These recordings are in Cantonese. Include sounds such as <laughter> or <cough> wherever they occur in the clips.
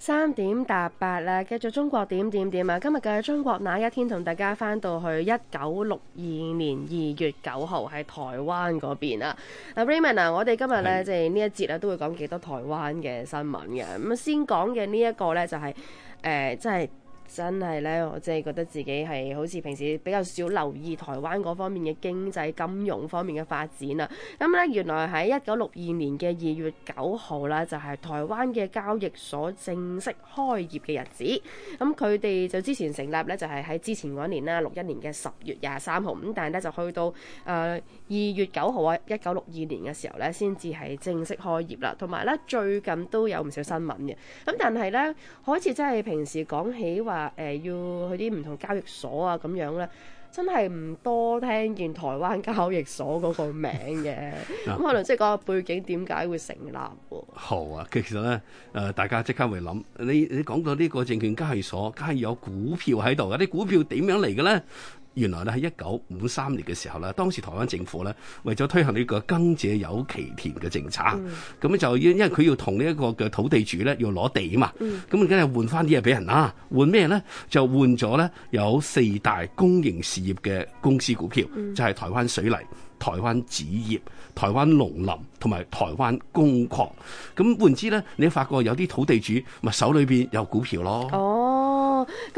三點搭八啦，繼續中國點點點啊！今日嘅中國那一天同大家翻到去是一九六二年二月九號喺台灣嗰邊啦。嗱，Raymond 啊，我哋今日咧即係呢一節咧都會講幾多台灣嘅新聞嘅。咁先講嘅呢一個咧就係、是、誒、即、呃、係。就是真係咧，我真係覺得自己係好似平時比較少留意台灣嗰方面嘅經濟金融方面嘅發展啊，咁咧，原來喺一九六二年嘅二月九號啦，就係台灣嘅交易所正式開業嘅日子。咁佢哋就之前成立咧，就係喺之前嗰年啦，六一年嘅十月廿三號。咁但係咧，就去到誒二月九號啊，一九六二年嘅時候咧，先至係正式開業啦。同埋咧，最近都有唔少新聞嘅。咁但係咧，好似真係平時講起話。啊！誒、呃、要去啲唔同交易所啊，咁樣咧，真係唔多聽見台灣交易所嗰個名嘅。咁 <laughs> 可能即係個背景點解會成立喎、啊？好啊，其實咧，誒、呃、大家即刻會諗，你你講到呢個證券交易所，梗係有股票喺度，啲股票點樣嚟嘅咧？原來咧，喺一九五三年嘅時候咧，當時台灣政府咧，為咗推行呢個耕者有其田嘅政策，咁、嗯、就因因為佢要同呢一個嘅土地主咧要攞地啊嘛，咁而家又換翻啲嘢俾人啦，換咩咧？就換咗咧有四大公營事業嘅公司股票，嗯、就係台灣水泥、台灣紙業、台灣農林同埋台灣工礦。咁換之咧，你發覺有啲土地主咪手裏邊有股票咯。哦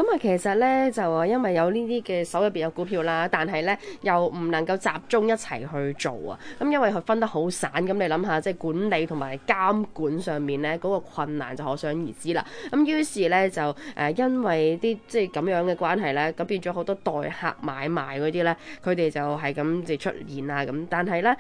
咁啊，其實咧就啊，因為有呢啲嘅手入邊有股票啦，但係咧又唔能夠集中一齊去做啊。咁因為佢分得好散，咁你諗下，即係管理同埋監管上面咧嗰個困難就可想而知啦。咁於是咧就誒，因為啲即係咁樣嘅關係咧，咁變咗好多代客買賣嗰啲咧，佢哋就係咁就出現啊咁，但係咧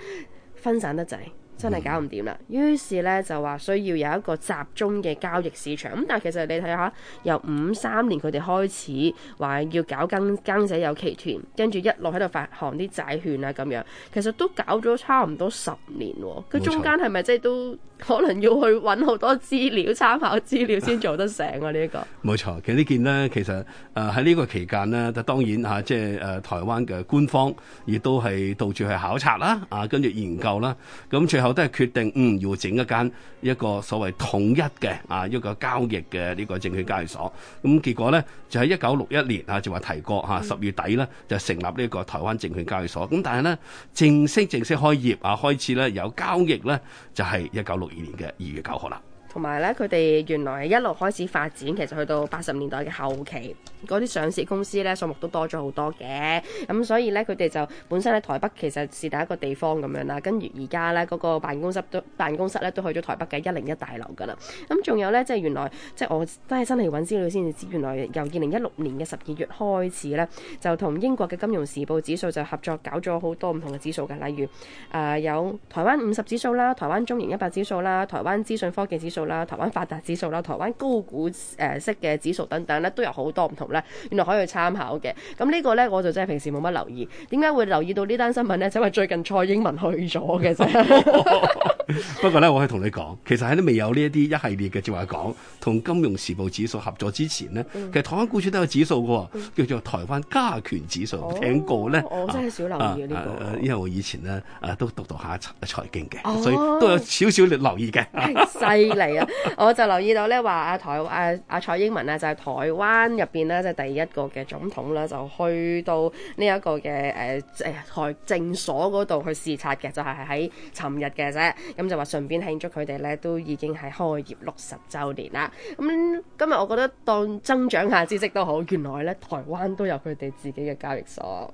分散得滯。真係搞唔掂啦！於是呢，就話需要有一個集中嘅交易市場。咁、嗯、但係其實你睇下，由五三年佢哋開始話要搞更更仔有期團，跟住一路喺度發行啲債券啊咁樣，其實都搞咗差唔多十年。佢錯中間係咪即係都可能要去揾好多資料參考資料先做得成啊？呢、這、一個冇錯，其實呢件呢，其實誒喺呢個期間呢，就當然嚇、啊、即係、啊、台灣嘅官方亦都係到處去考察啦，啊跟住研究啦，咁、啊嗯、最後。我都係決定，嗯，要整一間一個所謂統一嘅啊一個交易嘅呢個證券交易所。咁、嗯、結果呢，就喺一九六一年啊，就話提過吓，十、啊、月底呢就成立呢個台灣證券交易所。咁、嗯、但係呢，正式正式開業啊，開始呢，有交易呢，就係一九六二年嘅二月九號啦。同埋咧，佢哋原來一路開始發展，其實去到八十年代嘅後期，嗰啲上市公司咧數目都多咗好多嘅。咁、嗯、所以咧，佢哋就本身喺台北其實是第一個地方咁樣啦。跟住而家咧嗰個辦公室都辦公室咧都去咗台北嘅一零一大樓㗎啦。咁、嗯、仲有咧，即係原來即係我真係真係揾資料先至知，原來由二零一六年嘅十二月開始咧，就同英國嘅金融時報指數就合作搞咗好多唔同嘅指數嘅，例如誒、呃、有台灣五十指數啦、台灣中型一百指數啦、台灣資訊科技指數。啦，台灣發達指數啦，台灣高股誒息嘅指數等等咧，都有好多唔同咧，原來可以去參考嘅。咁呢個咧，我就真係平時冇乜留意，點解會留意到呢單新聞咧？就係最近蔡英文去咗嘅啫。 <laughs> 不過咧，我可以同你講，其實喺未有呢一啲一系列嘅說話講，同金融時報指數合作之前呢，其實台灣股市都有指數噶，叫做台灣加權指數，哦、聽過咧？我真係少留意呢個、啊啊啊，因為我以前呢，誒都讀讀下財經嘅，哦、所以都有少少留意嘅。犀利、哦、 <laughs> 啊！我就留意到咧，話啊台誒阿、啊、蔡英文呢，就係、是、台灣入邊呢，即、就、係、是、第一個嘅總統啦，就去到呢一個嘅誒誒台證所嗰度去視察嘅，就係喺尋日嘅啫。咁就話順便慶祝佢哋咧，都已經係開業六十週年啦。咁、嗯、今日我覺得當增長下知識都好，原來咧，台灣都有佢哋自己嘅交易所。